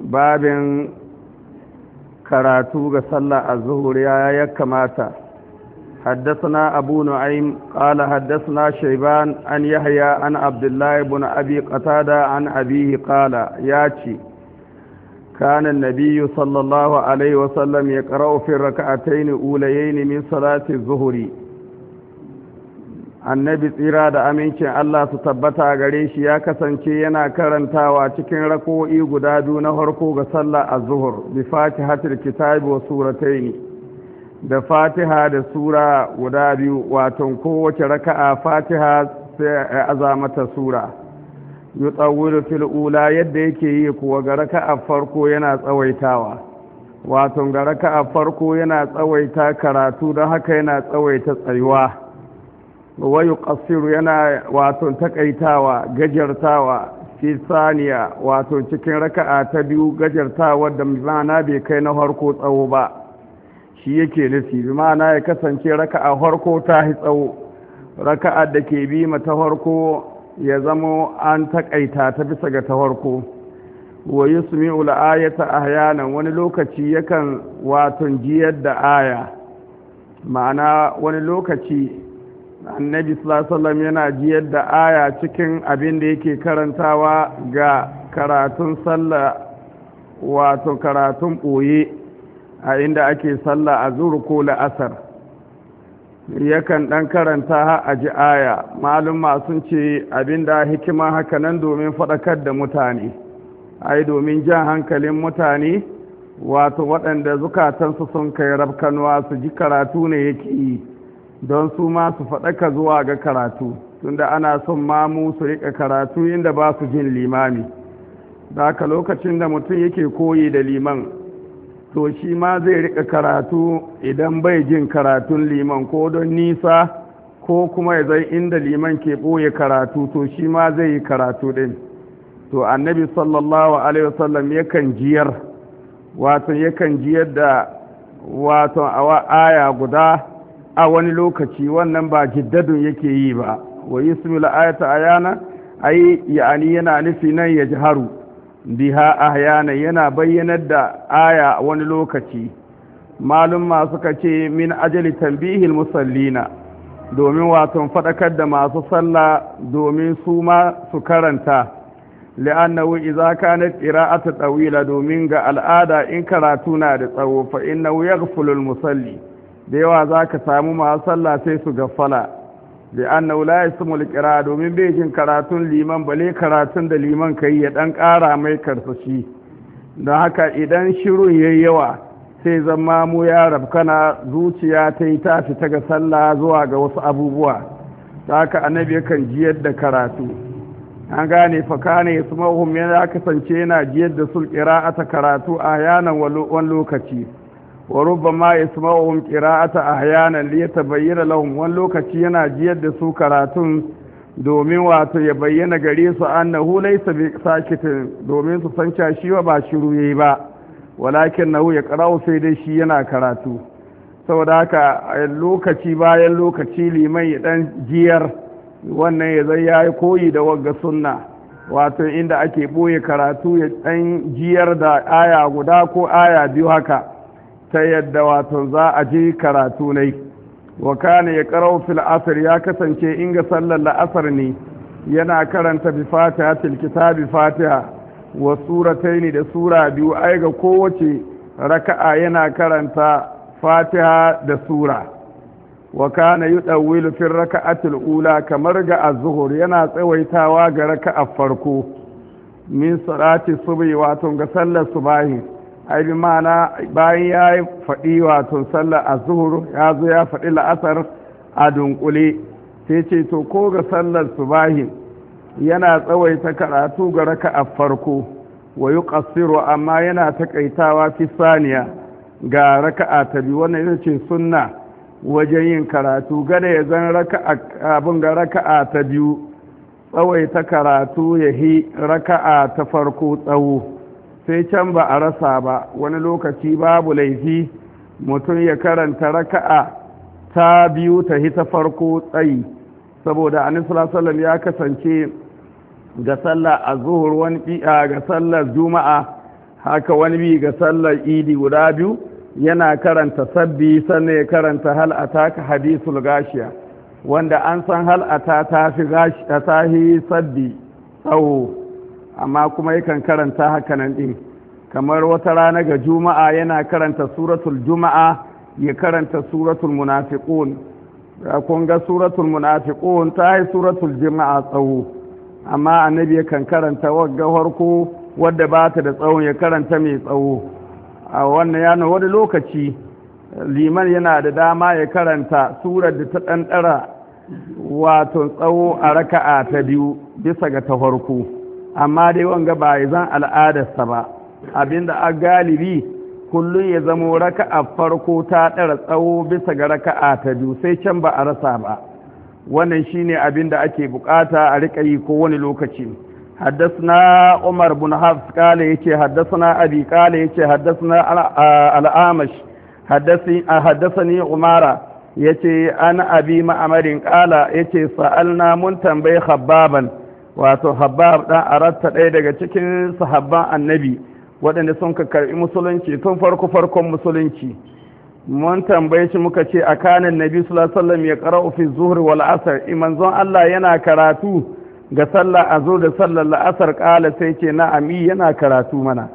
babin karatu ga sallah az-zuhur ya kamata حدثنا أبو نعيم قال حدثنا شيبان أن يحيى عن عبد الله بن أبي قتادة عن أبيه قال ياتي كان النبي صلى الله عليه وسلم يقرأ في الركعتين أوليين من صلاة الظهر annabi tsira da amincin Allah su tabbata gare shi ya kasance yana karantawa cikin rako'i guda biyu na farko ga sallah a zuhur bi fatihatil kitabi wa surataini da fatiha da sura guda biyu wato kowace raka'a fatiha sai azamata sura yutawwilu fil ula yadda yake yi kuwa ga raka'a farko yana tsawaitawa wato ga raka'a farko yana tsawaita karatu don haka yana tsawaita tsayuwa wayu ƙasiru yana wato takaitawa gajartawa fi saniya wato cikin raka'a ta biyu gajartawa da ma'ana bai kai na harko tsawo ba shi yake nufi bi ma'ana ya kasance raka'a harko ta yi tsawo raka'a da ke bi mata harko ya zamo an takaita ta bisa ga ta harko wa yusmi'u al-ayata ahyanan wani lokaci yakan wato jiyar da aya ma'ana wani lokaci annabi sallallahu yana jiyar da aya cikin abin da yake karantawa ga karatun sallah wato karatun ɓoye a inda ake sallah a zuru ko la'asar yakan ɗan karanta a ji aya maluma sun ce abin da haka nan domin faɗakar da mutane ai domin jan hankalin mutane wato waɗanda zukatansu sun kai rabkanwa su ji karatu ne yake yi don su ma su faɗaka zuwa ga karatu tunda ana son mamu su riƙa karatu inda ba su jin limami da haka lokacin da mutum yake koyi da liman to shi ma zai riƙa karatu idan bai jin karatun liman ko don nisa ko kuma ya zai inda liman ke ɓoye karatu to shi ma zai yi karatu ɗin to annabi sallallahu alaihi wasallam yakan jiyar wato yakan jiyar da wato a aya guda a wani lokaci wannan ba jiddadun yake yi ba wa yusmil ayata a yi ya'ani yana nufi nan ya ji haru biha a yana bayyanar da aya wani lokaci malumma suka ce min ajali tambihin musallina domin waton faɗakar da masu sallah domin su ma su karanta li'annahu idza kanat qira'atu tawila domin ga al'ada in karatu na da tsawo na wuyar yaghfulul musalli da yawa za ka samu masu sallah sai su gafala da an naula ya kira domin bai jin karatun liman bale karatun da liman ka yi ya ɗan ƙara mai karsashi don haka idan shirun ya yawa sai zama mu ya rabkana zuciya ta yi ta ga sallah zuwa ga wasu abubuwa ta haka annabi kan jiyar da karatu an gane fakane su sumahum ya kasance yana jiyar da a ta karatu a yanan wani lokaci wa rubbama yasma'uhum qira'ata ahyana li yatabayyana lahum wani lokaci yana jiyar da su karatu domin wato ya bayyana gare su annahu laysa bi sakitin domin su san cewa shi ba shiru yayi ba walakin nahu ya qara'u sai dai shi yana karatu saboda haka lokaci bayan lokaci liman ya dan jiyar wannan ya zai yayi koyi da wagga sunna wato inda ake ɓoye karatu ya ɗan jiyar da aya guda ko aya biyu haka ta yadda wato za a je karatu ne wa kana ya karau fil asr ya kasance in ga sallar la'asar ne yana karanta bi fatiha til kitabi fatiha wa surataini da sura biyu ai ga kowace raka'a yana karanta fatiha da sura wa kana yudawwilu fil raka'atil ula kamar ga az yana tsawaitawa ga raka'a farko min salati subhi wato ga sallar subahi ai bi mana bayan ya yi faɗi wato sallar zuhuru ya zo ya faɗi la'asar a dunkule sai ce to ko ga sallar subahi yana tsawaita karatu ga raka a farko wa yi amma yana taƙaitawa fi saniya ga raka'a ta tabi wannan ita ce sunna wajen yin karatu gada ya zan abin ga raka'a ta biyu tsawaita karatu ya hi raka'a ta farko tsawo sai can ba a rasa ba wani lokaci babu laifi mutum ya karanta raka'a ta biyu ta hita farko tsayi saboda anisulasulam ya kasance ga sallar azuhur wani bi'a ga sallar juma'a haka wani bi ga sallar idi guda biyu yana karanta sabbi sannan ya karanta hal'ata ka hadisul gashiya wanda an san hal'ata ta fi sabbi tsawo amma kuma yakan karanta hakanan ɗin kamar wata rana ga juma'a yana karanta suratul juma'a ya karanta suratul munafiqun kun ga suratul munafiqun ta yi suratul juma'a tsawo amma annabi yakan karanta wagga farko wadda ba ta da tsawon ya karanta mai tsawo a wannan yana wani lokaci liman yana da dama ya karanta surar da ta ɗanɗara wato tsawo a raka'a ta biyu bisa ga ta farko amma dai wanga ba ya zan al'adarsa ba abinda a galibi kullum ya zamo raka a farko ta ɗara tsawo bisa ga raka'a ta biyu sai can ba a rasa ba wannan shine abin da ake bukata a rika yi ko wani lokaci haddasna umar bin hafs kala yace haddasna abi kala yace haddasna al'amash haddasani umara yace ana abi ma'amarin kala yace sa'alna mun tambaye khabbaban wato habab ɗan aratta ɗaya daga cikin sahabban annabi waɗanda sun ka karɓi musulunci tun farko farkon musulunci mun tambaye shi muka ce a kanin nabi sallallahu alaihi ya qara'u fi zuhri wal asr imanzon Allah yana karatu ga sallah azur da sallar la'asar qala sai ce na'ami yana karatu mana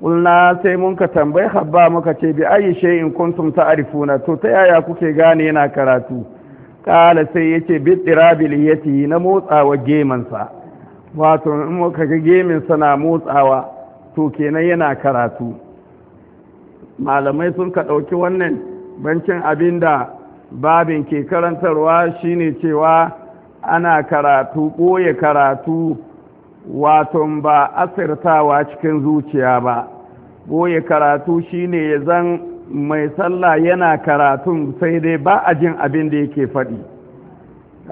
kulna sai mun ka tambaye habba muka ce bi ayi shay'in kuntum ta'rifuna to ta yaya kuke gane yana karatu kala sai ya ce bitirabil yati na motsawa gemansa wato in muka ga geminsa na motsawa to kenan yana karatu malamai sun ka ɗauki wannan bancin abin da babin ke karantarwa shine cewa ana karatu ɓoye karatu wato ba asirtawa cikin zuciya ba ɓoye karatu shine ya zan mai sallah yana karatun sai dai ba a jin abin da yake faɗi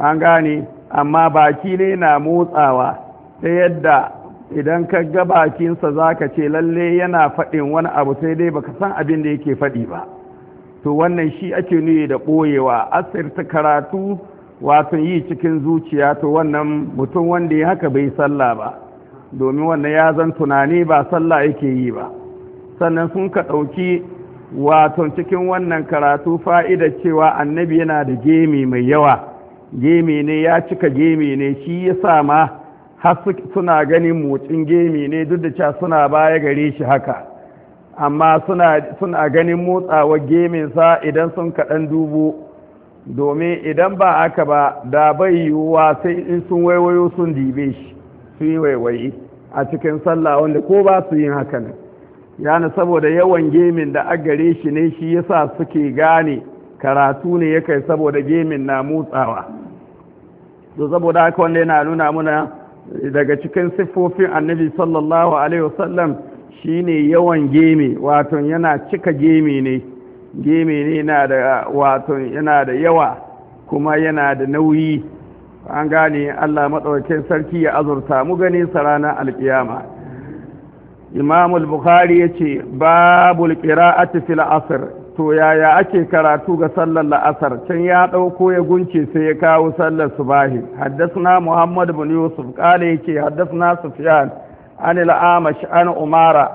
an gane amma baki ne na motsawa ta yadda idan ka ga bakinsa za ka ce lalle yana faɗin wani abu sai dai baka san abin da yake faɗi ba to wannan shi ake nuni da ɓoyewa asir ta karatu wato yi cikin zuciya to wannan mutum wanda ya haka bai sallah ba domin wannan ya zan tunani ba sallah yake yi ba sannan sun ka ɗauki wato cikin wannan karatu fa'ida cewa annabi yana da gemi mai yawa gemi ne ya cika gemi ne shi ya sa ma har suna ganin motsin gemi ne duk da cewa suna baya gare shi haka amma suna ganin motsawar geminsa idan sun kaɗan dubu domin idan ba aka ba da bai yiwuwa sai in sun waiwayo sun dibe shi su yi waiwayi a cikin sallah wanda ko ba su yin haka ne. yana saboda yawan gemin da agare shi ne shi yasa suke gane karatu ne ya kai saboda gemin na motsawa to saboda haka wanda yana nuna muna daga cikin siffofin annabi sallallahu alaihi wasallam shine yawan gemi wato yana cika gemi ne gemi ne yana da wato yana da yawa kuma yana da nauyi an gane Allah madaukakin sarki ya azurta mu ganin sarana ranar alƙiyama imam bukhari ya ce babul qira'ati fil asr to yaya ake karatu ga sallar la'asar can ya dauko ya gunce sai ya kawo sallar subahi haddasna muhammad bin yusuf kala yake haddasna sufyan an al'amash an umara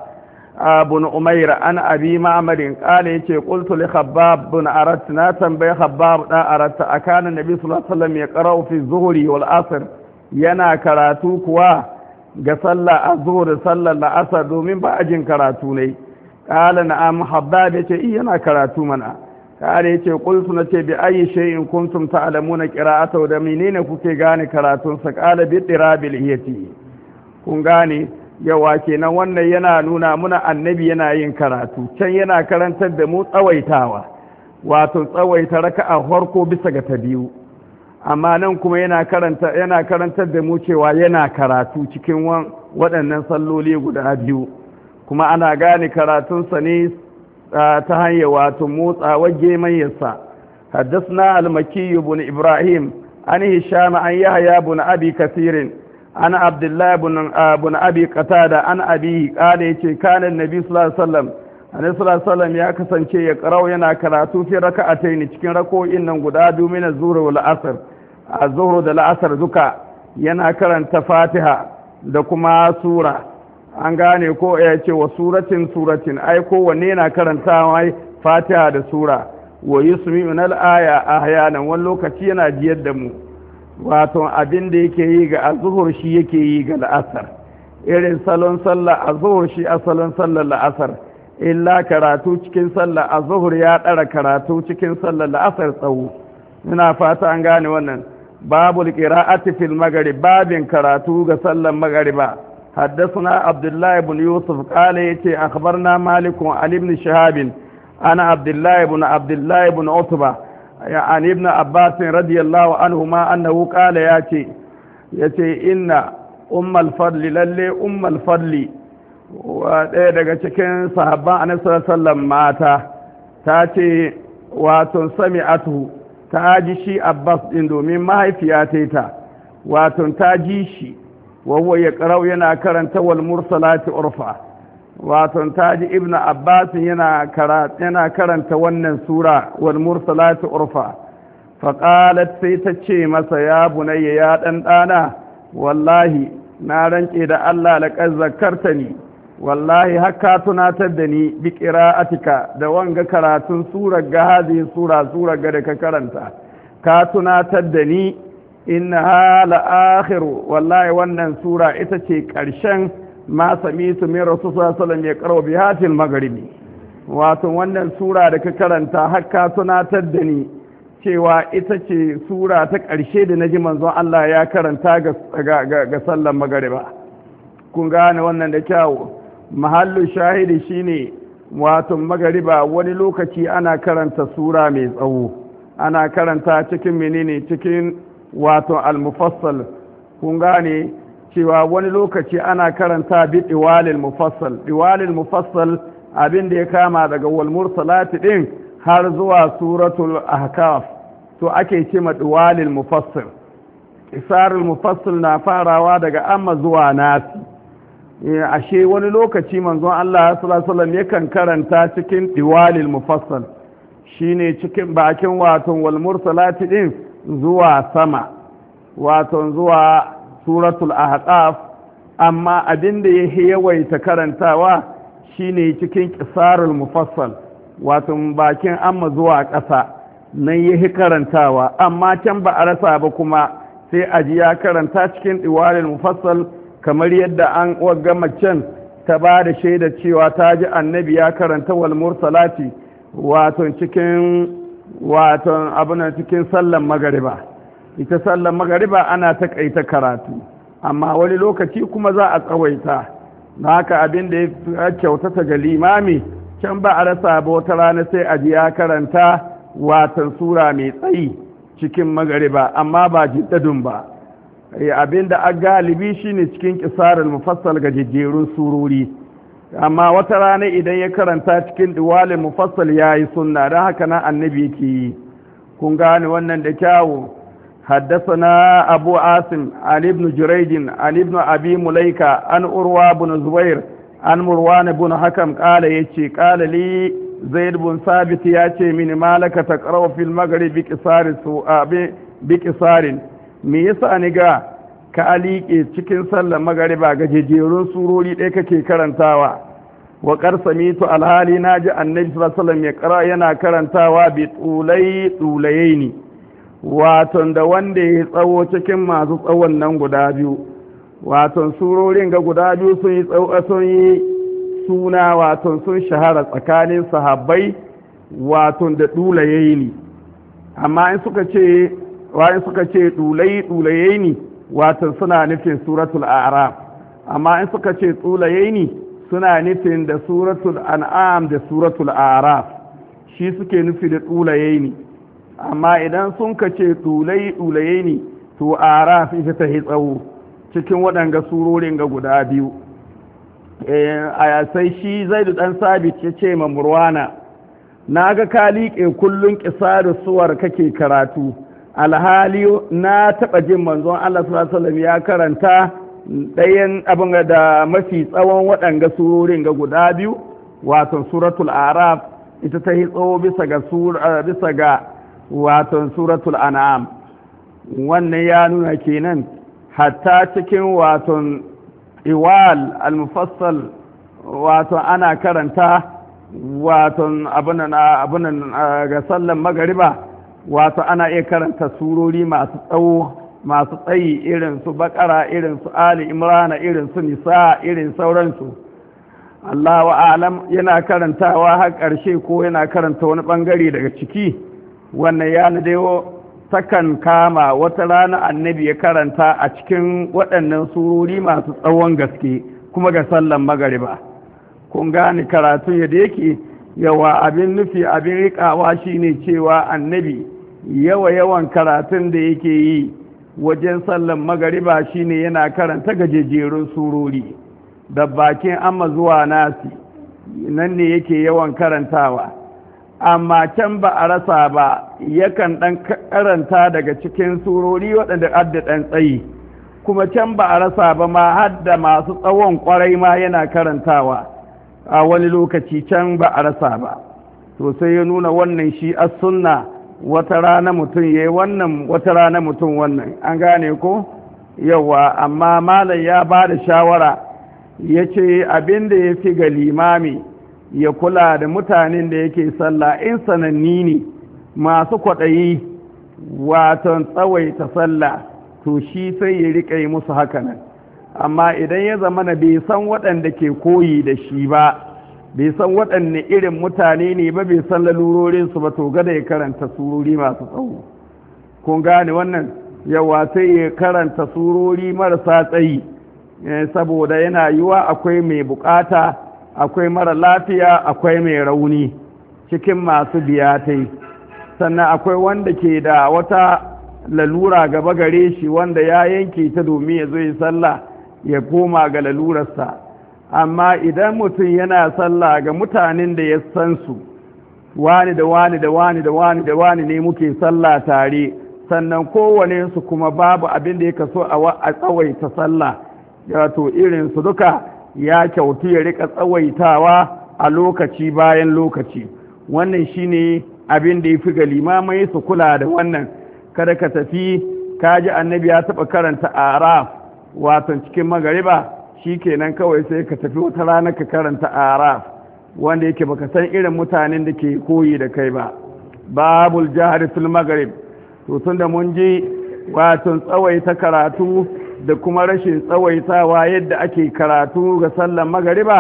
abun umair an abi ma'amarin kala yake qultu li khabbab bin arat na tambaye khabbab da arat akana nabi sallallahu alaihi wasallam ya qara'u fi zuhri wal asr yana karatu kuwa ga sallah da sallar la'asar domin ba a jin karatu ne qala na'am habbab yace ce yana karatu mana kare yace na ce bi ayi shay'in kuntum ta'lamuna qira'atahu da menene kuke gane karatun sa qala bi tirabil hiyati kun gane yawa kenan wannan yana nuna muna annabi yana yin karatu can yana karantar da mu tsawaitawa wato tsawaita raka'a farko bisa ga ta biyu amma nan kuma yana karantar da mu cewa yana karatu cikin waɗannan salloli guda biyu kuma ana gane karatunsa ne ta hanyar wato motsa gemayyarsa حدثنا المكي بن إبراهيم ibrahim an عن an بن أبي abi عن an الله بن بن أبي قتادة عن أبي قال كان النبي صلى الله عليه Annabi sallallahu alaihi wasallam ya kasance ya karau yana karatu fi raka'atayn cikin rako'in nan guda biyu min wal asr a da la'asar duka yana karanta fatiha da kuma sura an gane ko ya ce wa suratin suratin ai ko wanne yana karanta mai fatiha da sura wa yusmi'u nal aya hayanan wani lokaci yana jiyar da mu wato abin da yake yi ga azuhur shi yake yi ga la'asar irin salon sallah azuhur shi a salon sallar la'asar illa karatu cikin sallah azuhur ya ɗara karatu cikin sallar la'asar tsawo ina fata an gane wannan باب القراءة في المغرب باب كراتو صلى المغرب حدثنا عبد الله بن يوسف قال يتي أخبرنا مالك عن ابن شهاب أنا عبد الله بن عبد الله بن عتبة عن ابن عباس رضي الله عنهما أنه قال ياتي يتي إن أم الفضل للي أم الفضل ɗaya daga cikin sahabban annabi sallallahu alaihi wasallam mata ta ce wato sami'atu ta ji shi abbas ɗin domin mahaifiya ta ta wato ta ji shi wawo ya karau yana karanta wal mursalati urfa wato ta ji ibn abbas yana karanta wannan sura wal mursalati urfa faƙalat sai ta ce masa ya bunayya ya ɗanɗana. wallahi na rance da allah laƙar zakarta ne. wallahi haka tunatar da ni bi qira'atika da wanga karatun surar ga hadi sura surar ga da ka karanta ka tunatar da ni innaha hala akhiru wallahi wannan sura ita ce karshen ma samitu min rasul sallallahu alaihi wasallam ya karo bi hatil wato wannan sura da ka karanta haka tunatar da ni cewa ita ce sura ta ƙarshe da na ji manzon Allah ya karanta ga sallan magriba kun gane wannan da kyawu mahallu shahidi shine wato magariba wani lokaci ana karanta sura mai tsawo ana karanta cikin menene cikin wato al-mufassal kun gane cewa wani lokaci ana karanta bi diwalil mufassal diwalil mufassal abin da ya kama daga wal mursalati din har zuwa suratul ahkaf to ake ce ma diwalil mufassal isarul mufassal na farawa daga amma zuwa nasi Eh, ashe wani lokaci manzon Allah sallallahu alaihi yakan karanta cikin diwalil mufassal shine cikin bakin waton wal mursalati din zuwa sama waton zuwa suratul ahqaf amma abinda da yake yawaita karantawa shine cikin qisarul mufassal waton bakin amma zuwa ƙasa nan yake karantawa amma can ba a rasa ba kuma sai aji ya karanta cikin diwalil mufassal kamar yadda an waga macen ta ba da shaida cewa ta ji annabi ya karanta wal mursalati wato cikin wato abunan cikin sallan magariba ita sallan magariba ana takaita karatu amma wani lokaci kuma za a tsawaita na haka abin da ya kyautata ga limami can ba a rasa ba wata rana sai a ji ya karanta watan sura mai tsayi cikin magariba amma ba jiddadun ba Eh, abin da a galibi shine cikin kisarar mufassal ga jejjerun surori amma wata rana idan ya karanta cikin duwalin mufassal ya yi sunna don haka na annabi ke yi kun gane wannan da kyawu haddasa abu asim an ibn jiraidin an ibn abi mulaika an urwa bin zubair an murwana bin hakam kala yace ce kala li zaid bin sabit ya ce mini malaka ta fil magharibi su abi bi kisarin me yasa ni ga ka alike cikin sallar magariba ga jejerun surori ɗaya kake karantawa wa to alhali naji annabi sallallahu alaihi wasallam ya kara yana karantawa bi tulai ni waton da wanda ya tsawo cikin masu tsawon nan guda biyu waton surorin ga guda biyu sun yi tsawo yi suna waton sun shahara tsakanin sahabbai waton da ne amma in suka ce wani suka ce ɗulai ɗulaye ne wato suna nufin suratul araf amma in suka ce ɗulaye suna nufin da suratul an'am da suratul araf shi suke nufi da ɗulaye ne amma idan sun ka ce ɗulai ɗulaye ne to araf ita ta yi tsawo cikin waɗanga surorin ga guda biyu eh, a sai shi da ɗan sabit ya ce ma murwana na ga ka liƙe kullum ƙisa da suwar kake karatu alhali na taɓa jin manzon Allah sallallahu ya karanta ɗayan abin da mafi tsawon waɗanga surorin ga guda biyu wato suratul araf ita ta hitso bisa ga bisa ga wato suratul an'am wannan ya nuna kenan hatta cikin wato iwal al-mufassal wato ana karanta wato abunan eh, ga sallan magariba wato ana iya karanta surori masu tsawo masu tsayi irin su bakara irin su ali imrana irin su nisa irin sauransu wa alam yana karantawa har ƙarshe ko yana karanta wani bangare daga ciki wannan ya dawo takan kama wata rana annabi ya karanta a cikin waɗannan surori masu tsawon gaske kuma ga sallan magariba kun gane karatun yadda yake yawa abin nufi abin riƙawa shine cewa annabi yawa yawan karatun da yake yi wajen sallan magariba shine yana karanta gajejerun surori da bakin amma zuwa nasi nan ne yake yawan karantawa amma can ba a rasa ba yakan ɗan karanta daga cikin surori waɗanda adda ɗan tsayi kuma can ba a rasa ba ma hadda masu tsawon ƙwarai ma yana karantawa a wani lokaci can ba a rasa ba sosai ya nuna wannan shi as sunna wata rana mutum ya wannan wata rana mutum wannan an gane ko yawa amma malam ya ba da shawara ya ce abin da ya fi ga limami ya kula da mutanen da yake sallah in sananni ne masu kwaɗayi waton tsawaita sallah to shi sai ya riƙe musu hakanan amma idan ya zama na bai san waɗanda ke koyi da shi ba bai san waɗanne irin mutane ne ba bai san lalurorinsu ba to gada ya karanta surori masu tsawo kun gane wannan yawa sai ya karanta surori marasa tsayi eh, saboda yana yiwa akwai mai bukata akwai mara lafiya akwai mai rauni cikin masu biyatai sannan akwai wanda ke da wata lalura gaba gare shi wanda ya yanke ta domin ya zo ya sallah ya koma ga lalurarsa amma idan mutum yana sallah ga mutanen da ya san su wani da wani da wani da wani da wani ne muke sallah tare sannan kowane su kuma babu abin da ya kaso a tsawaita sallah wato irin su duka ya kyautu ya rika tsawaitawa a lokaci bayan lokaci wannan shine abin da ya fi ga limamai su kula da wannan kada ka tafi kaji annabi ya taɓa karanta araf wato cikin magariba shi kenan kawai sai ka tafi wata rana ka karanta araf wanda yake baka san irin mutanen da ke koyi da kai ba babul jihar fil maghrib to tun da mun ji watan tsawaita karatu da kuma rashin tsawaitawa yadda ake karatu ga sallar magariba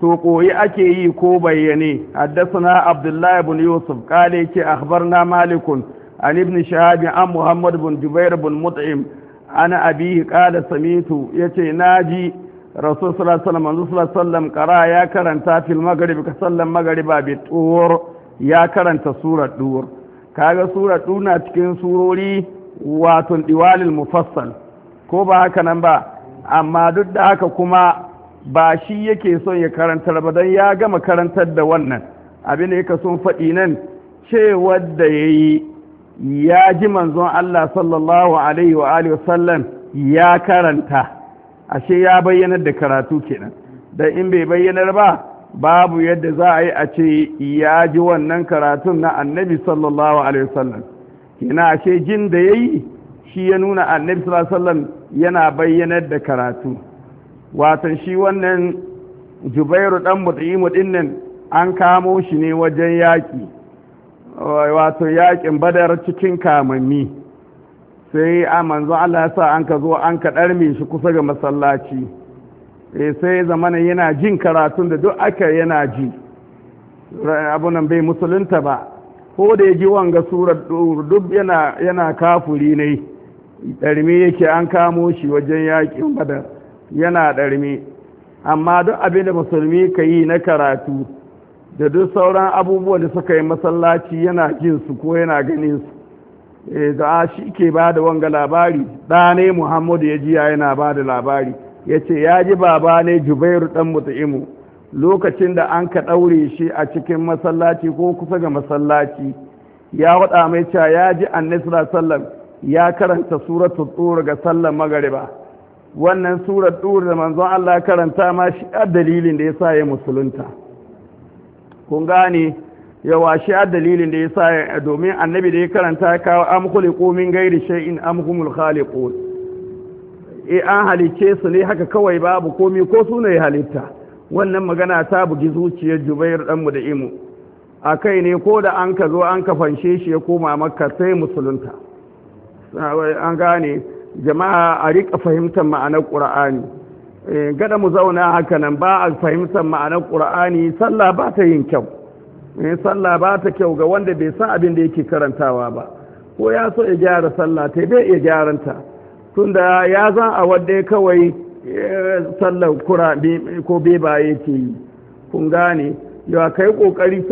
to koyi ake yi ko bayyane haddasana abdullahi ibn yusuf kale yake na malikun an ibn shahab an muhammad ibn jubair ibn mut'im ana abi qala samitu yace naji rasul sallallahu alaihi wasallam qara ya karanta fil maghrib ka sallan maghriba bi tur ya karanta surar dur kaga surar dur na cikin surori wato diwalil mufassal ko ba haka nan ba amma duk da haka kuma ba shi yake son ya karantar ba dan ya gama karantar da wannan abin da yake son faɗi nan cewar da yayi ya ji manzon Allah sallallahu alaihi wa alihi ya karanta ashe ya bayyanar da karatu kenan da in bai bayyanar ba babu yadda za a yi a ce ya ji wannan karatun na annabi sallallahu alaihi wasallam kina ashe jin da ya yi shi ya nuna annabi sallallahu alaihi wasallam yana bayyanar da karatu watan shi wannan jubairu dan mut'imu dinnan an kamo shi ne wajen yaƙi wato yaƙin badar cikin kamanni sai a manzo Allah ya sa an ka zo an ka ɗarme shi kusa ga masallaci eh, sai zamana yana jin karatun da duk aka yana ji abunan bai musulunta ba ko da ya ji wanga surar duk yana kafuri ne ɗarmi yake an kamo shi wajen yaƙin badar yana ɗarmi amma duk abin da musulmi ka yi na karatu da duk sauran abubuwan da suka yi masallaci yana jin ko yana ganin su da eh, shi ke ba da wanga labari ɗane muhammadu ya jiya yana ba da labari ya ce ya ji baba ne jubairu ɗan mutu'imu lokacin da an ka ɗaure shi a cikin masallaci ko kusa ga masallaci ya waɗa mai cewa ya ji annisra sallam ya karanta suratul ɗora ga sallan magariba wannan surar ɗora da manzon Allah karanta ma shi a dalilin da ya sa ya musulunta kun gane yawa shi a dalilin da ya sa domin annabi da ya karanta ya kawo am khuliqu min ghairi shay'in am humul khaliqun e an halicce su ne haka kawai babu komai ko su ne halitta wannan magana ta bugi zuciyar Jubair dan mu da imu a kai ne ko da an ka zo an ka fanshe shi ya koma makka sai musulunta an gane jama'a a riƙa fahimtar ma'anar ƙur'ani e, gada mu zauna haka nan ba a fahimtar ma'anar ƙur'ani sallah ba ta yin kyau mai eh, sallah ba ta kyau ga wanda bai san abin da yake karantawa ba ko ya so ya gyara sallah ta bai iya gyaranta tunda ya zan a wadda ya kawai eh, sallar kura ko bebaye ke yi kun gane yawa ka yi ƙoƙari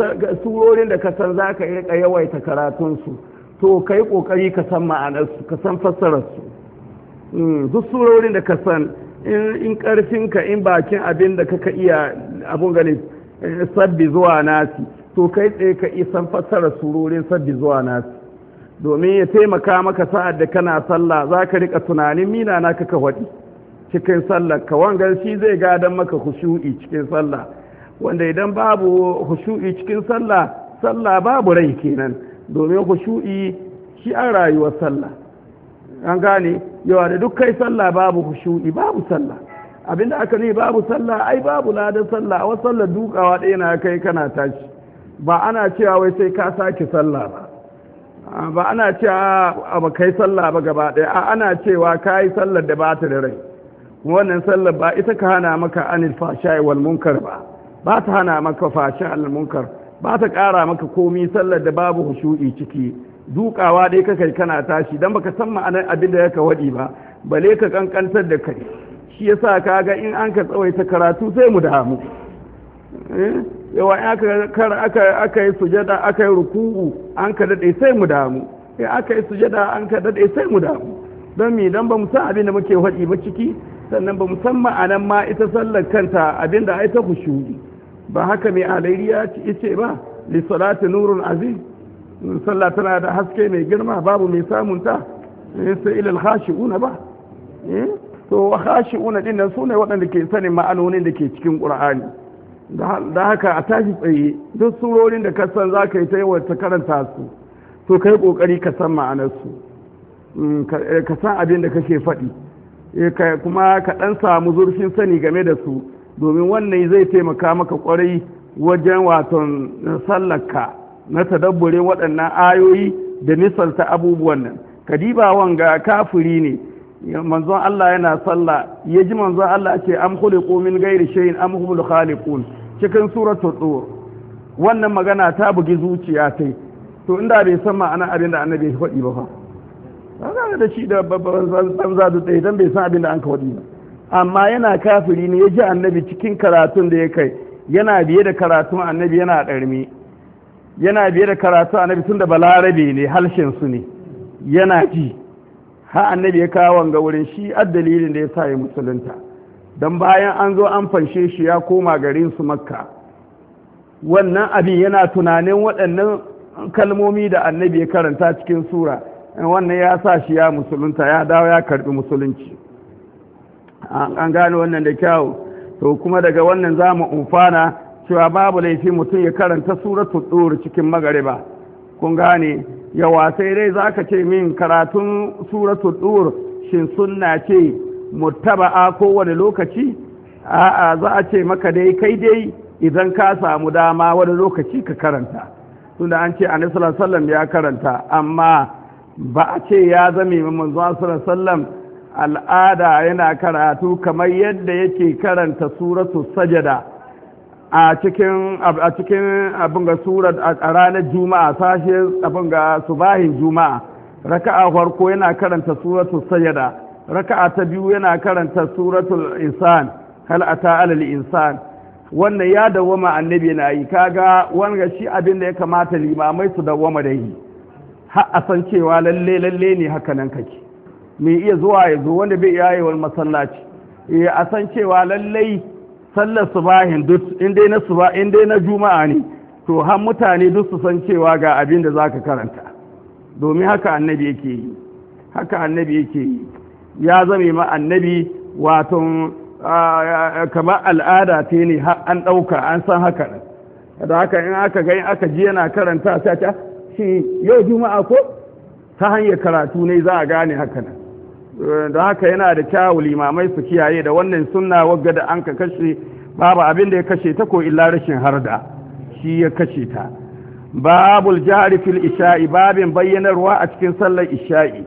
surorin da ka san za ka riƙa yawaita karatunsu to ka yi ƙoƙari ka san ma'anarsu ka san fassararsu hmm, duk surorin da ka san in karfinka in bakin abin da kaka iya abun gani eh, sabbi zuwa nasi to kai tsaye ka isan fassara surorin sabbi zuwa nasu domin ya taimaka maka sa'ad da kana sallah za ka riƙa tunanin mina na kaka waɗi cikin sallah ka wangan shi zai gadon maka hushu'i cikin sallah wanda idan babu hushu'i cikin sallah sallah babu rai kenan domin hushu'i shi an rayuwar sallah an gane yawa da duk kai sallah babu hushu'i babu sallah abinda aka ne babu sallah ai babu ladan sallah a wasu sallar dukawa ɗaya na kai kana tashi ba ana cewa wai sai ka sake sallah ba ah, ba ana cewa ah, ba kai sallah ba gaba ɗaya a ah, ana cewa ka yi sallar da ba ta da rai wannan sallar ba ita ka hana maka anil fashai wal munkar ba ba ta hana maka fasha al munkar ba ta ƙara maka komi sallar da babu hushu'i ciki dukawa dai ka kai kana tashi dan baka san ma'anar abin da ya ka waɗi ba bale ka kankantar da kai shi yasa kaga in an ka tsawaita karatu sai mu damu eh yawa aka yi sujada aka yi ruku'u an ka daɗe sai mu damu in aka yi sujada an ka daɗe sai mu damu don mi don ba mu san abin da muke haɗi ba ciki sannan ba mu san ma'anan ma ita sallar kanta abin da aita hushuɗi ba haka mai alairiya ce ba lissalati nurun aziz sallah tana da haske mai girma babu mai samun ta eh, sai ilal una ba eh, to Hashi una nan sune waɗanda ke sanin ma'anonin da ke cikin ƙur'ani. da haka a tashi tsaye duk surorin da kasan za ka yi ta ta karanta su to kai kokari ka san ma'anarsu mm, eh, ka san abin da kake faɗi eh, kuma ka ɗan samu zurfin sani game da su domin wannan zai taimaka maka kwarai wajen waton eh, sallarka na tadabburin waɗannan ayoyi da misalta abubuwan nan kadiba wanga kafiri ne manzon Allah yana sallah ya ji manzon Allah ce am khuliqu min ghairi shay'in am humul khaliqun cikin suratu tsor wannan magana ta bugi zuciya ta to inda bai san ma'ana abin da annabi ya faɗi ba fa kaga da shi da babban banza da dai dan bai san abin da an ka faɗi ba amma yana kafiri ne ya ji annabi cikin karatun da ya kai yana biye da karatun annabi yana ɗarmi yana biye da karatun annabi tun da balarabe ne halshen su ne yana ji ha annabi ya kawo wanga wurin shi addalilin da ya sa ya musulunta don bayan an zo an fanshe shi ya koma garin su makka wannan abin yana tunanin waɗannan kalmomi da annabi ya karanta cikin sura wannan ya sa shi ya musulunta ya dawo ya karbi musulunci an gane wannan da kyau, to kuma daga wannan za mu umfana cewa babu laifi mutum ya karanta sura tsoro cikin magariba kun gane yawa sai dai za ka ce min karatun suratu tsoro shin sunna ce muttaba'a kowane lokaci a'a za a ce maka dai kai dai idan ka samu dama wani lokaci ka karanta tunda an ce annabi Sallam ya karanta amma ba a ce ya zame manzo sallallahu Sallam al'ada yana karatu kamar yadda yake karanta suratu sajada a cikin a cikin abin ga surat a ranar juma'a sashe abin ga subahin juma'a raka'a farko yana karanta suratu sajada raka'a ta biyu yana karanta suratul insan hal ata alal insan wannan ya dawwama annabi na yi kaga wanga shi abin da ya kamata limamai su dawwama da yi har a san cewa lalle lalle ne haka nan kake me iya zuwa ya zo wanda bai iya yi masallaci ya eh, a san cewa lalle sallar subahin duk in dai na suba in dai na juma'a ne to har mutane duk su san cewa ga abin da zaka karanta domin haka annabi yake yi haka annabi yake yi ya zame ma annabi wato kamar al'ada ce ne an ɗauka an san haka da haka in aka ga in aka ji yana karanta sai ta ah, shi yau juma'a ko ta hanyar karatu ne za a gane haka nan da haka yana da kyawu limamai su kiyaye da wannan sunna wagga da an ka kashe babu abin da ya kashe ta ko illa rashin harda shi ya kashe ta babul jari fil isha'i babin bayyanarwa a cikin sallar isha'i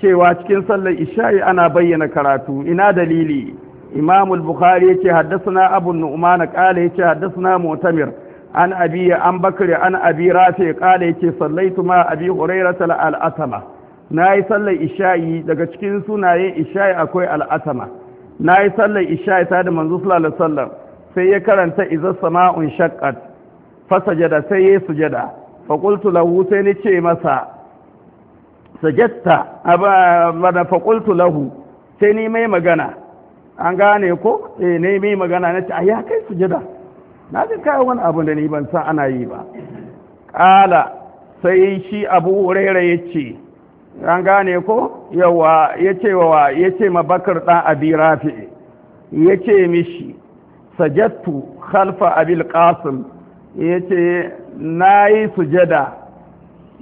cewa cikin sallar isha'i ana bayyana karatu ina dalili imam al-bukhari yace haddathana abu nu'man qala yace haddathana mu'tamir an abi an bakri an abi rafi qala yace sallaitu ma abi hurairah al atama nayi sallar isha'i daga cikin sunaye isha'i akwai al atama nayi sallar isha'i ta da manzo sallallahu alaihi sai ya karanta idza sama'un shaqqat fasajada sai ya sujada fa qultu lahu sai ni ce masa sajasta abada faƙultu lahu sai ni mai magana an gane ko eh ne mai magana na ce a ya kai sujada na ji kai wani abu da ni ban san ana yi ba ƙala sai shi abu huraira ya ce an gane ko yawa ya ce wa ya ma bakar ɗan abi rafi ya mishi sajattu khalfa abil qasim ya ce sujada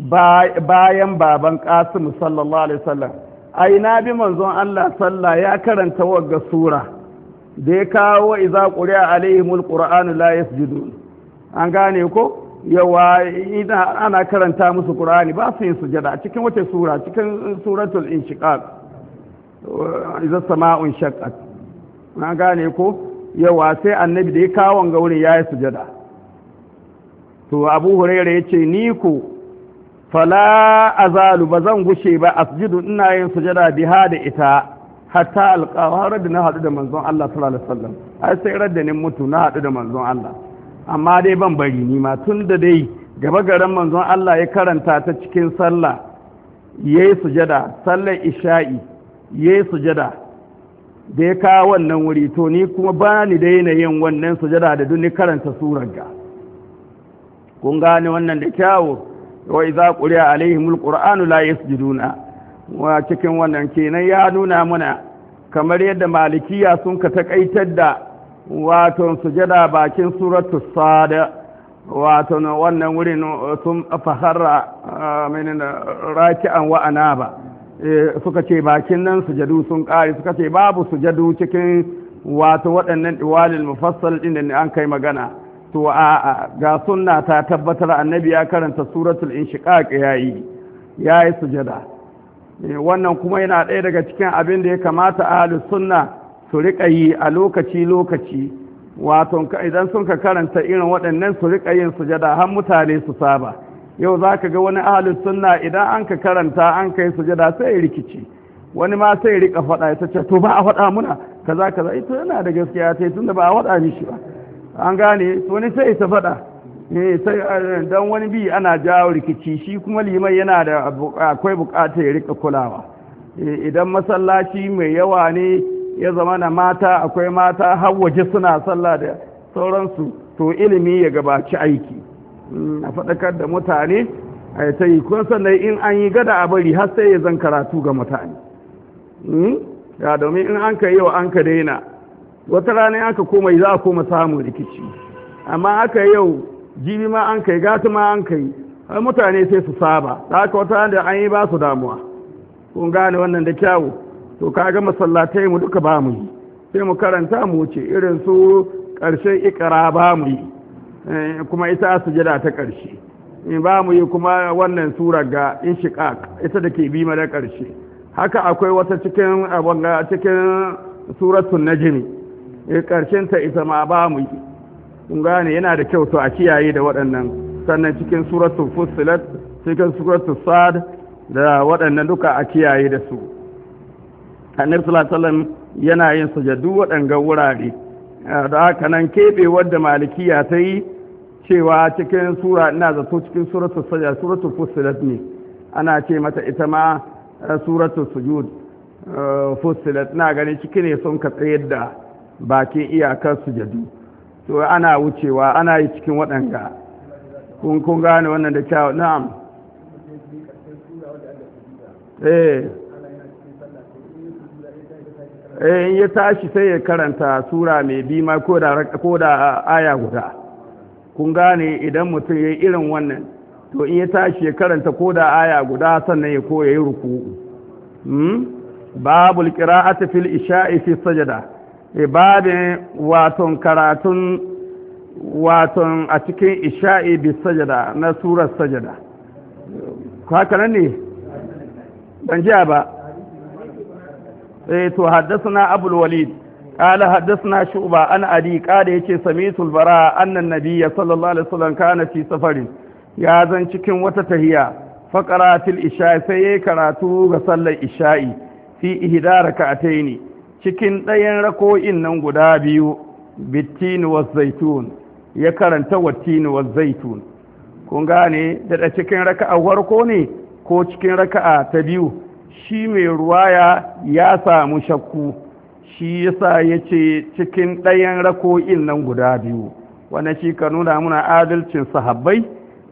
bayan baban qasim sallallahu alaihi wasallam ai na bi manzon Allah sallah ya karanta wagga sura da ya kawo iza quri'a alaihimul qur'anu la yasjudun an gane ko yawa ina ana karanta musu qur'ani ba su yin sujada cikin wata sura cikin suratul inshiqaq iza sama'un shaqqat an gane ko yawa sai annabi da ya kawo ga wurin yayi sujada to abu hurairah yace ni ko fala azalu ba zan gushe ba asjudu ina yin sujada biha da ita hatta alqawa har da na hadu da manzon Allah sallallahu alaihi ai sai radda mutu na hadu da manzon Allah amma dai ban bari ni ma tun da dai gaba garan manzon Allah ya karanta ta cikin sallah yayi sujada sallar isha'i yayi sujada da ya kawo wannan wuri to ni kuma bani ni daina yin wannan sujada da duk ni karanta surar ga kun gane wannan da kyawun. wa iza quriya alaihim alquranu la yasjuduna wa cikin wannan kenan ya nuna mana kamar yadda malikiya sun ka takaitar da wato sujada bakin suratu sada wato wannan wurin sun fahara min raki'an wa anaba eh, suka ce bakin nan sujadu sun kare suka ce babu sujadu cikin wato waɗannan iwalil mufassal din da an kai magana to a ga sunna ta tabbatar annabi ya karanta suratul inshiqaq yayi yayi sujada eh, wannan kuma yana ɗaya daga cikin abin da ya kamata ahli sunna su riƙa yi a lokaci lokaci wato idan sun ka karanta irin waɗannan su riƙa yin sujada har mutane su saba yau za ka ga wani ahli sunna idan an ka karanta an kai sujada sai rikici wani ma sai riƙa faɗa ya ce to ba a faɗa muna kaza kaza ita eh, yana da gaskiya sai tunda ba a faɗa mishi ba an gane to ne sai ta faɗa eh, eh, don wani bi ana jawo rikici shi kuma liman yana da akwai bukatar ya rika kulawa eh, idan masallaci mai yawa ne ya zama na mata akwai mata har waje suna sallah da sauransu to ilimi ya gabaci aiki hmm, a faɗakar da mutane a yi ta yi kun sannan in an yi gada a bari har sai ya zan karatu ga mutane hmm? ya domin in an ka yi wa an ka daina wata rana an ka komai za a koma samun rikici amma aka yau jibi ma an kai gata ma an kai har mutane sai su saba da haka wata rana da an yi ba su damuwa kun gane wannan da kyawu to kaga masallatai mu duka ba mu yi sai mu karanta mu wuce irin su ƙarshen ikara ba mu yi eh, kuma ita sujada ta ƙarshe ba mu yi kuma wannan sura ga inshiqaq ita da ke bi da karshe haka akwai wata cikin abanga cikin suratul najmi Eh, ta ita ma ba mu yi gane yana da kyau to a kiyaye da waɗannan sannan cikin suratul fussilat cikin suratul sad da waɗannan duka a kiyaye da su annabi sallallahu alaihi yana yin sajadu waɗanga wurare eh, da haka nan keɓe wadda malikiya ta yi cewa cikin sura ina zato cikin suratul sajda suratul fussilat ne ana ce mata ita ma eh, suratul sujud fussilat na ganin ciki ne sun ka tsayar da bakin iyakar sujadu to ana wucewa ana yi cikin waɗanga kun kun gane wannan da kyau na'am eh eh in ya tashi sai ya karanta sura mai bima ko da ko da aya guda kun gane idan mutum ya yi irin wannan to in ya tashi ya karanta ko da aya guda sannan ya koya yi ruku'u hmm? babul qira'ati fil isha'i fi sajada ibadin waton karatun waton a cikin isha'i bi sajada na surar sajada haka ne ban jiya ba eh to haddasa abul walid قال حدثنا شعبة عن أبي قال يتي سميت البراء أن النبي صلى الله عليه وسلم كان في سفر يا cikin wata tahiya faqaratil isha'i. sai yayi karatu ga sallar isha'i fi ihda rak'atayn cikin ɗayan rako'in nan guda biyu bitini wa zaitun ya karanta tini wa zaitun kun gane daɗa cikin raka'a farko ne ko cikin raka'a ta biyu shi mai ruwa ya samu shakku shi yasa ya ce cikin ɗayan rako'in nan guda biyu wannan shi ka nuna muna adalcin sahabbai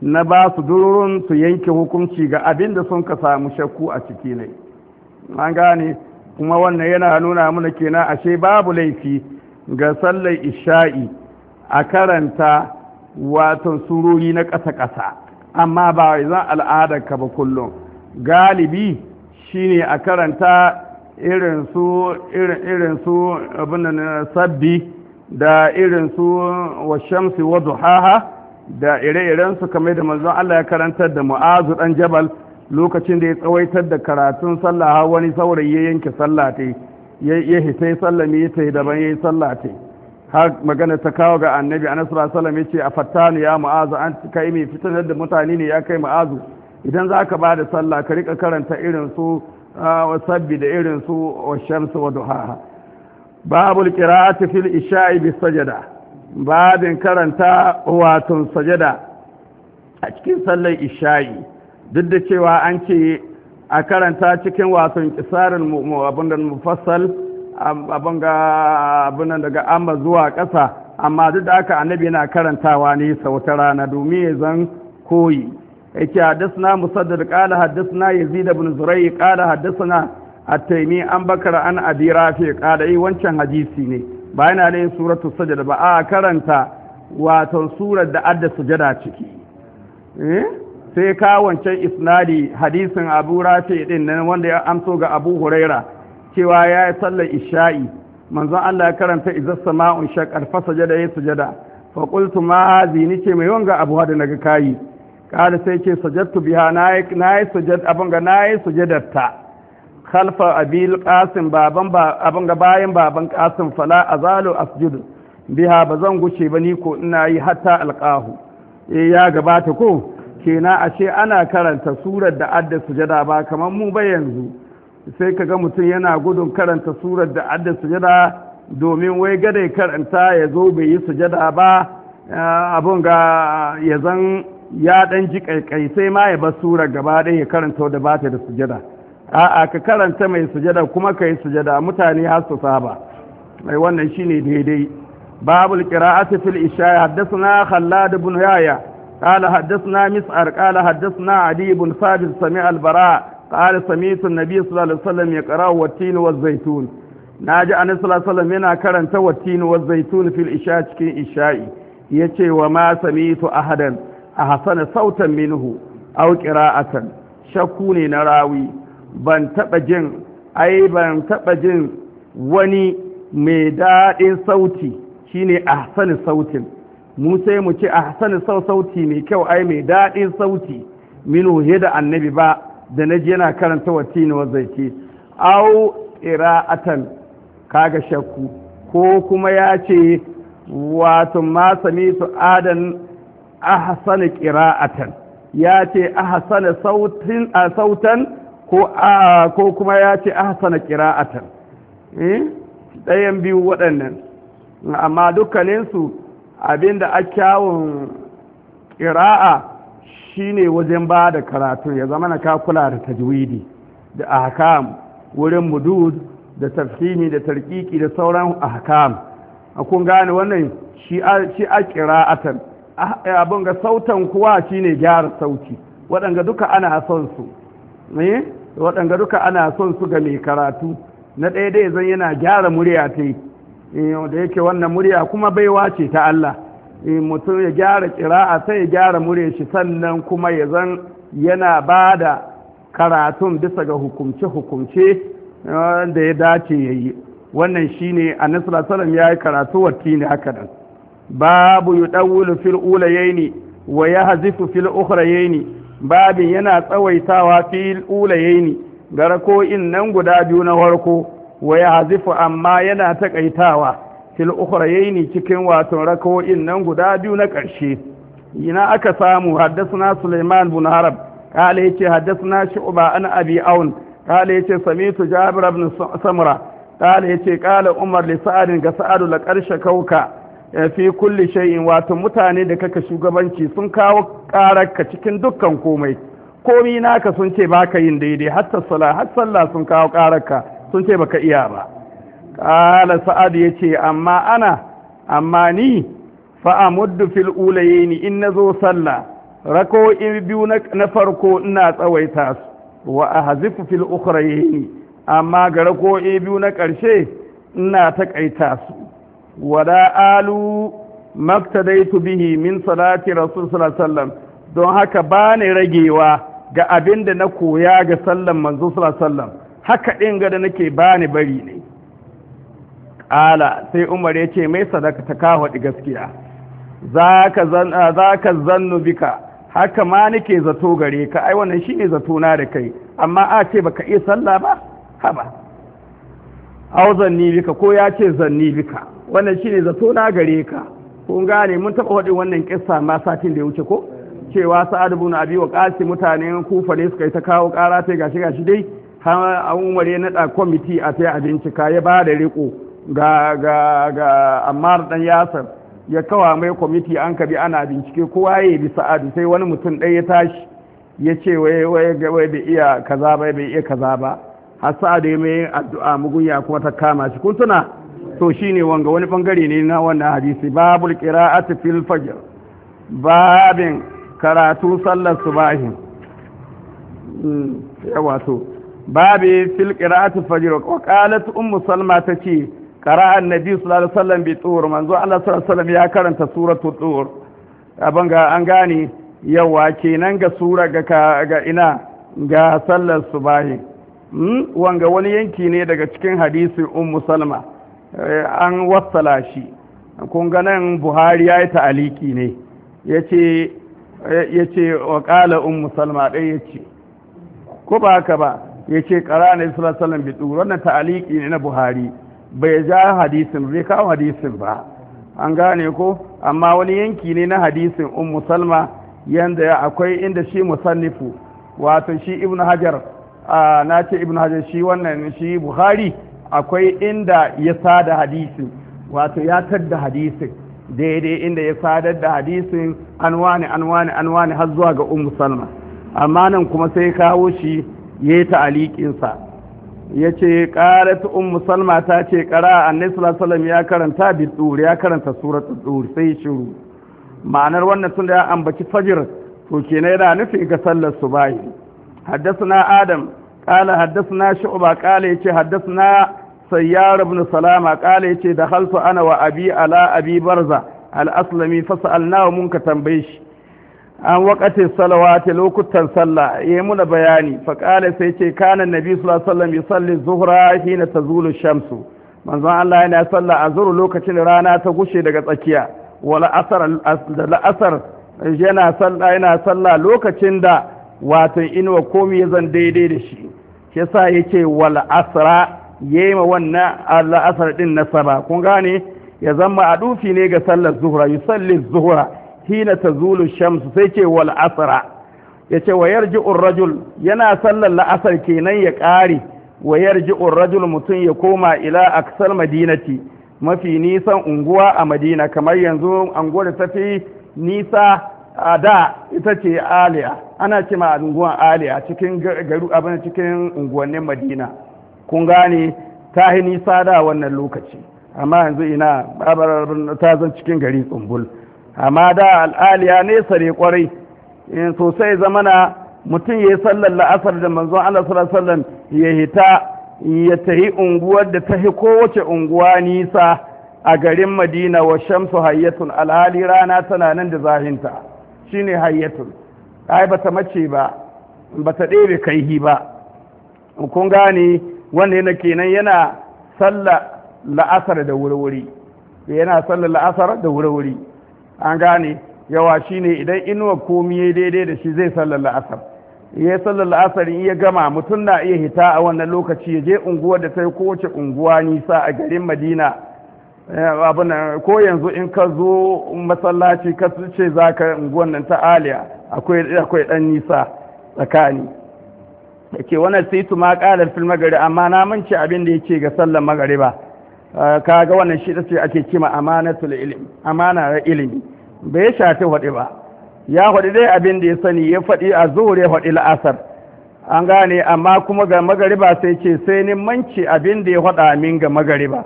na ba su dururun su yanke hukunci ga abin da sun ka samu shakku a ciki ne an gane kuma wannan yana nuna mana kenan ashe babu laifi ga sallar isha'i a karanta watan surori na ƙasa-ƙasa amma ba zan al'adar ka ba kullum galibi shine a karanta irin su irin su eh, sabbi da irin su wa shamsi wa duhaha da ire-iren su kamar da manzon Allah ya karantar da Mu'azu dan Jabal lokacin da ya tsawaitar da karatun sallah har wani saurayi ya yanke sallah ta ya hita sallah ne ta daban ya yi sallah ta har magana ta kawo ga annabi anas sallam ya ce a fattanu ya mu'azu an kai mai fitanar da mutane ne ya kai mu'azu idan za ka ba da sallah ka rika karanta irin su sabbi da irin su wa shamsu wa duhaha babul qira'ati fil isha'i bis sajada babin karanta watan sajada a cikin sallar isha'i duk da cewa an ce a karanta cikin wasan kisarin abin da mufassal abin ga abin daga amma zuwa ƙasa amma duk da aka annabi yana karantawa ne sau rana domin ya zan koyi yake haddasna musaddad qala haddasna yazid ibn zuray qala haddasna at-taymi an bakar an abi rafi qala yi eh, wancan hadisi ne ba yana da suratul sajda ba a karanta wato surar da adda sujada ciki eh? sai ka wancan isnadi hadisin abu rafi din nan wanda ya amso ga abu huraira cewa ya yi sallar isha'i manzon Allah ya karanta izas sama'un shaqar fa sajada ya sujada fa qultu ma hazi ni ce mai wanga abu hada naga kayi kada sai ce sajadtu biha nayi nayi sujad abun ga nayi sujadarta khalfa abil qasim baban ba abun ga bayan baban qasim fala azalu asjud biha bazan guce ba ni ko ina yi hatta alqahu eh ya gabata ko Kena a ce ana karanta surar da adda sujada ba kamar mu ba yanzu sai ka ga mutum yana gudun karanta surar da adda sujada domin wai gada ya karanta ya zo bai yi sujada ba eh, abun ga ya zan ya dan ji kaikai sai ma ya bar surar gaba ɗaya ya karanta da ba ta da sujada a'a ka karanta mai sujada kuma ka yi sujada mutane har su saba mai wannan shine daidai babul qira'ati fil isha haddathana khallad ibn yahya قال حدثنا مسعر قال حدثنا علي بن ثابت سمع البراء قال سمعت النبي صلى الله عليه وسلم يقرأ والتين والزيتون ناجي أن صلى الله عليه وسلم ينا كرنت والتين والزيتون في الإشاء كين إشائي يتي وما سمعت أحدا أحسن صوتا منه أو قراءة شكوني نراوي ban taɓa jin ai ban taɓa jin wani mai daɗin sauti shine ahsani sautin mu sai mu ce ahsanu sau sauti mai kyau ai mai daɗin sauti minhu da annabi ba da naji yana karanta wati ne wazaiti au qira'atan kaga shakku ko kuma ya ce wato ma samitu adan ahsana qira'atan ya ce a sautin a sautan ko ko kuma ya ce ahsana qira'atan eh dayan biyu waɗannan amma dukkaninsu abinda a kyawun ƙira'a shine wajen ba da karatu ya zama na kakula kula da tajwidi da ahkam wurin mudud da tafsini da tarkiki da sauran ahkam a kun gane wannan shi a ƙira'atan abin ga sautan kuwa shine gyara sauti waɗanga duka ana son su eh? waɗanga duka ana son su ga mai karatu na ɗaya dai zan yana gyara murya ta yi Eh, da yake wannan murya kuma baiwa ce ta Allah eh, mutum ya gyara a sai ya gyara murya shi sannan kuma ya zan yana ba da karatun bisa ga hukumce-hukumce eh, da ya dace ya yi wannan shi ne a nasarar ya yi karatu watti ne haka nan babu yi ɗawulu fil ulayaini wa ya hazifu fil babin yana tsawaitawa fil ulayaini gara ko in nan guda biyu na farko wa ya hazifu amma yana taƙaitawa fil ukhrayni cikin wato rak'o'in nan guda biyu na ƙarshe ina aka samu haddathana Sulaiman bin Harab qala yace haddathana Shu'ba an Abi Aun qala yace samitu Jabir ibn Samra qala yace qala Umar li Sa'ad ga Sa'ad la karshe kauka eh, fi kulli shay'in wato mutane da kaka shugabanci sun kawo ƙararka cikin dukkan komai Komai naka sun ce baka yin daidai hatta sala har sallah sun kawo ƙararka sun ce baka iya ba ƙala sa'ad ya ce amma ana amma ni muddu fil ulayni in na zo sallah rako in biyu na farko ina tsawaita su wa a hazifu fil ukhrayni amma ga rako in biyu na ƙarshe ina taƙaita su wada alu maktadaitu bihi min salati rasul sallallahu alaihi don haka ba ne ragewa ga abin da na koya ga sallan manzo sallallahu alaihi haka ɗin ga da nake ba ni bari ne ƙala sai umar ya ce mai sadaka ta kawo gaskiya za ka zannu bika haka ma nake zato gare ka ai wannan shine zato na da kai amma a ce baka iya sallah ba haba au zanni bika ko ya ce zanni bika wannan shine zato na gare ka kun gane mun taɓa waɗin wannan kissa ma satin da ya wuce ko cewa Sa'adu ibn abi ƙasi mutane kufa ne suka yi ta kawo ƙara ta gashi gashi dai an umar ya naɗa kwamiti a sai a bincika ya ba da riko ga ga ga ammar dan yasar ya kawa mai kwamiti an kabi ana bincike kowa ya bi sa'adu sai wani mutum ɗaya ya tashi ya ce wai wai bai iya kaza ba bai iya kaza ba har sa'adu ya mai addu'a mugunya kuma ta kama shi kun tuna to shine wanga wani bangare ne na wannan hadisi babul qira'ati fil fajr babin karatu sallar su hmm, yawa to babi fil qira'ati fajr wa qalat ummu salma tace qara'a annabi sallallahu alaihi wasallam bi tur manzo Allah sallallahu alaihi wasallam ya karanta suratul tur aban ga an gane yawa kenan ga sura ga ga ina ga sallar subahi hmm? wanga wani yanki ne daga cikin hadisi ummu salma eh, an wassala shi kun ga nan buhari ya yi ta'aliki ne ya ce wa ƙala ummu salma ɗaya ya ce ko ba haka ba ya ce ƙara na isra sallam bi tsoron na ta'aliki ne na buhari bai ja hadisin bai kawo hadisin ba an gane ko amma wani yanki ne na hadisin un musalma yanda akwai inda shi musannifu wato shi ibnu hajar na ce ibnu hajar shi wannan shi buhari akwai inda ya sada hadisin wato ya tadda hadisin daidai inda ya sadar da hadisin an wani an wani an wani har zuwa ga ummu salma amma nan kuma sai kawo shi ya yi ta'aliƙinsa ya ce ƙarat ummu Musalma ta ce ƙara annabi sallallahu ya karanta bi ya karanta suratul tur sai shiru ma'anar wannan tun da ya ambaci fajar, to kenan yana nufi ga sallar subahi haddathana adam qala na shu'ba ce, yace na sayyar ibn salama ce da dakhaltu ana wa abi ala abi barza al-aslami fasalnahu mun ka tambaye shi an waƙatin salawati lokutan sallah ya yi muna bayani faƙalar sai ce kanan nabi sallallahu ya salli zuhra hina ta zulu shamsu manzon Allah yana salla a zuru lokacin rana ta gushe daga tsakiya asar da la'asar yana salla yana salla lokacin da wato inuwa komi ya zan daidai da shi shi yasa yake wala asra yayi ma wannan la'asar din nasaba kun gane ya zama a dufi ne ga sallar zuhra yusalli zuhra hina tazulu shamsu sai ce wal asra yace wa yarji'u rajul yana sallar la'asar kenan ya ƙare Wayar yarji'u rajul mutum ya koma ila aksal madinati mafi nisan unguwa a madina kamar yanzu unguwar da tafi nisa a da ita ce aliya ana ce ma unguwan aliya cikin garu abin cikin unguwannin madina kun gane ta nisa da wannan lokaci amma yanzu ina babar ta zan cikin gari tsumbul amma da al'aliya nesa ne kwarai sosai zamana mutum ya yi sallar la'asar da manzon Allah sallallahu alaihi ya hita ya tahi unguwar da tahi kowace unguwa nisa a garin Madina wa shamsu hayyatun alali rana tana nan da zahinta shine hayyatun ai bata mace ba bata ɗebe kaihi ba kun gane wanda yana kenan yana sallar la'asar da wurwuri yana sallar la'asar da wurwuri an gane yawa shine idan inuwa komi ya daidai da shi zai sallar la'asar ya sallar la'asar iya gama mutum na iya hita a wannan lokaci ya je unguwar da ta yi kowace unguwa nisa a garin madina eh, abin ko yanzu in ka zo masallaci ka ce za ka unguwar nan ta aliya akwai dan nisa tsakani da ke wannan sai tu ma ƙalar fil magari amma na mance abin da yake ga sallar magariba kaga wannan shi ce ake kima amanatul ilm amana na ilimi bai shafi hudi ba ya hudi dai abin da ya sani ya faɗi a zuhure hudi la'asar an gane amma kuma ga magariba sai ce sai ni manci abin da ya faɗa min ga magariba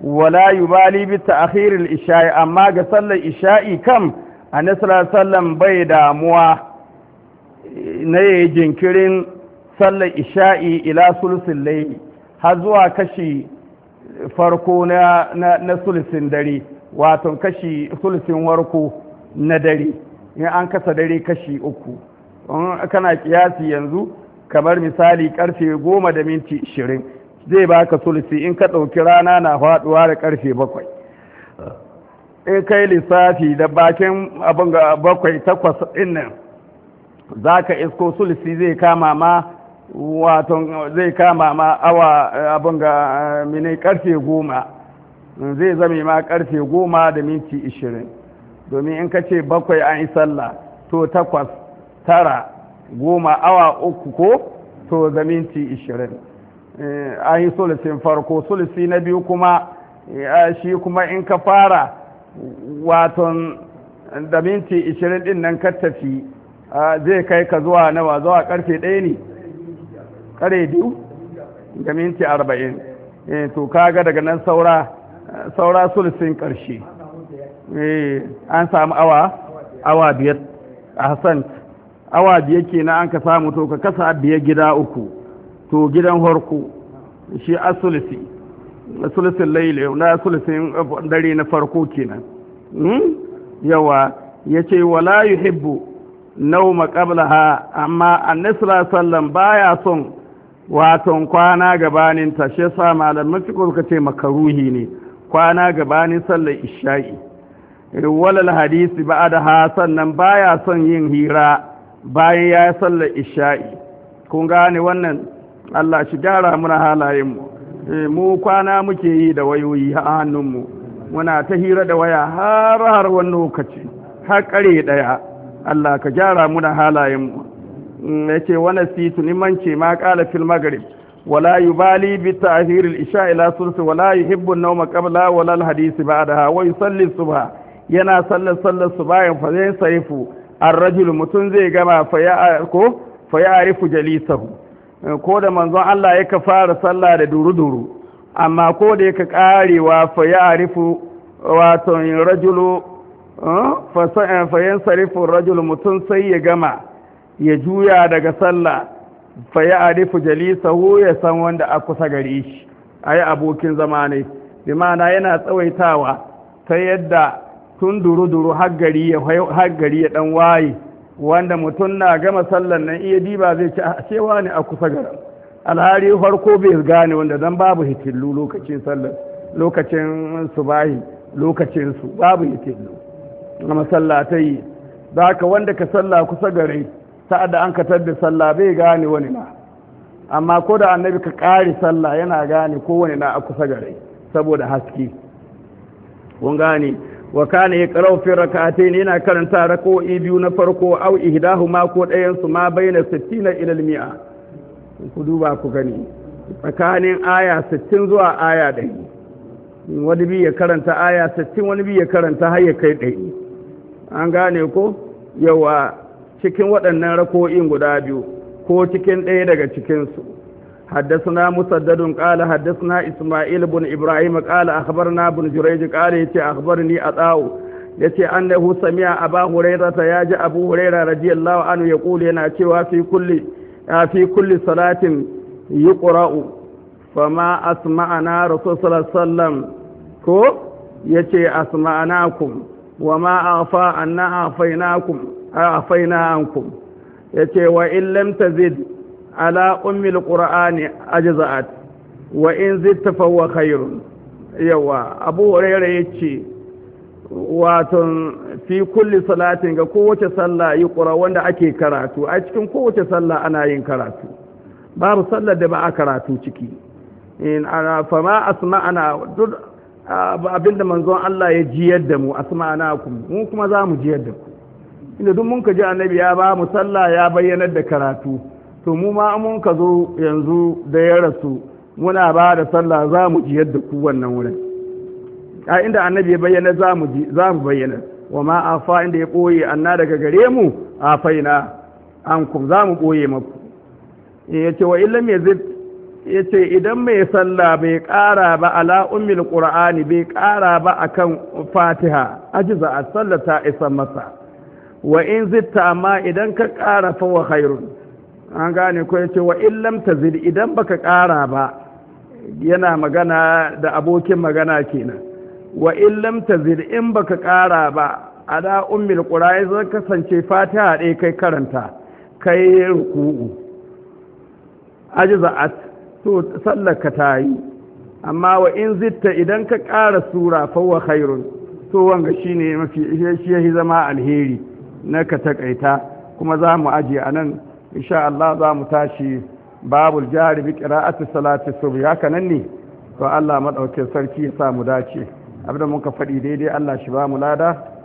wala yubali bi ta'khiril isha'i amma ga sallar isha'i kam a sallallahu alaihi bai damuwa na yayi jinkirin sallar isha'i ila sulusul layli har zuwa kashi farko na, na, na dare wato kashi sulusin warko na dare in an kasa dare kashi uku kana kiyasi yanzu kamar misali karfe goma da minti ishirin zai baka sulsi in ka ɗauki rana na faɗuwa da karfe bakwai in kai lissafi da bakin abin ga bakwai takwas ɗin nan za isko sulsi zai kama ma wato zai kama ma awa eh, abin ga eh, mine karfe goma zai zame ma karfe goma da minti ishirin domin in ka ce bakwai an yi sallah to takwas tara goma awa uku ko to da minti ishirin eh, an yi sulisin farko sulisi na biyu kuma shi kuma in ka fara waton da minti ishirin din nan ka tafi zai kai ka zuwa nawa zuwa karfe ɗaya ne kare biyu ga minti arba'in eh, to kaga daga nan saura saura sulisin ƙarshe eh, an samu awa awa biyar a hassan awa biyar kenan an ka samu to ka kasa biyar gida uku to gidan horku shi a Na sulusin laile, na sulisin dare na farko kenan hmm? yawa ya ce wala yuhibbu nauma qablaha amma annabi sallallahu alaihi wasallam baya son wato kwana gabanin ta shi sa malamin fiqh suka ce makaruhi ne kwana gabanin sallar isha'i eh, walal hadisi da ha sannan baya son yin hira bayan ya sallar isha'i kun gane wannan Allah shi gyara muna halayen mu eh, mu kwana muke yi da wayoyi a hannunmu muna ta hira da waya har har wani lokaci har kare daya Allah ka gyara muna halayen mu yace wani situ nimanci ma qala fil maghrib wala yubali bi tahir al isha ila sulth wala yuhibbu an-nawm qabla wala al hadith ba'daha wa yusalli subha yana sallar sallar subha fa zai saifu ar-rajul mutun zai gama fa ya ko fa ya arifu jalisahu ko da manzon Allah ya fara sallah da duru duru amma ko da yake karewa fa ya arifu wato rajulu fa sa'a fa yansarifu ar-rajul mutun sai ya gama ya juya daga sallah fa ya arifu jalisahu ya san wanda a kusa gare shi Ayi abokin zama ne bi ma'ana yana tsawaitawa ta yadda tun duru-duru haggari ya dan waye wanda mutum na gama sallan nan iya diba zai ci a ah, cewa ne a kusa gari alhari farko bai gane wanda dan babu hitillu lokacin sallan lokacin subahi lokacin su babu hitillu na masallatai da haka wanda ka salla kusa gare sa'ad da an ka tabbi sallah bai gane wani na amma ko da annabi ka ƙari sallah yana gane wani na a kusa gare saboda haske kun gane wa kana ya qara'u fi ne yana karanta rak'o'i biyu na farko aw ma ko ɗayan su ma bayyana sittina ila mia ku duba ku gani tsakanin aya sittin zuwa aya 100 wani bi ya karanta aya sittin wani bi ya karanta har ya kai 100 an gane ko yawa Cikin waɗannan rako'in guda biyu ko cikin ɗaya daga cikin su na Musa Dadun ƙala Isma'il bun Ibrahim ƙala Ahabar na bun Jiraiji yace ya ce Ahabar ni a tsawo. Ya ce, an nahu samiha a ba huretata. Ya ji da jiyallawa, ya kula yana cewa ya fi kulli salatin yiƙura'u. Wa ma asma'a na rasu salasallam ko ya ce Wa ma an fa an afaina ankum yace wa in lam tazid ala ummi alqur'ani ajza'at wa in zidta fa huwa khairun yawa abu hurairah yace waton fi kulli salatin ga kowace sallah yi ƙura wanda ake karatu a cikin kowace sallah ana yin karatu babu sallar da ba a karatu ciki in ana fama asma'ana duk abinda manzon Allah ya jiyar da mu asma'ana ku mu kuma za mu jiyar da ku inda duk mun ka ji annabi ya ba mu sallah ya bayyanar da karatu to mu ma mun ka zo yanzu da ya rasu muna ba da sallah za mu ji yadda ku wannan wurin a inda annabi ya bayyana za mu ji za mu bayyana wa ma afa inda ya koye anna daga gare mu afaina an ku za mu koye maku ce wa illam yazid ya ce idan mai sallah bai ƙara ba ala ummil qur'ani bai ƙara ba akan fatiha ajza a sallata isa masa wa in zitta amma idan ka ƙara fa wa khairun an gane ko yace wa in lam tazid idan baka ƙara ba yana magana da abokin magana kenan wa in lam tazid in baka ƙara ba ada ummul qura zan kasance fatiha dai kai karanta kai ruku'u ajza'at to sallaka tayi amma wa in zitta idan ka ƙara sura fa wa khairun to wanga shine mafi shi zama alheri na ka takaita kuma za mu ajiye a nan insha Allah za mu tashi babul jari bi qira'ati salati subh haka nan ne to Allah madaukakin sarki ya sa mu dace abinda muka faɗi daidai Allah shi ba mu lada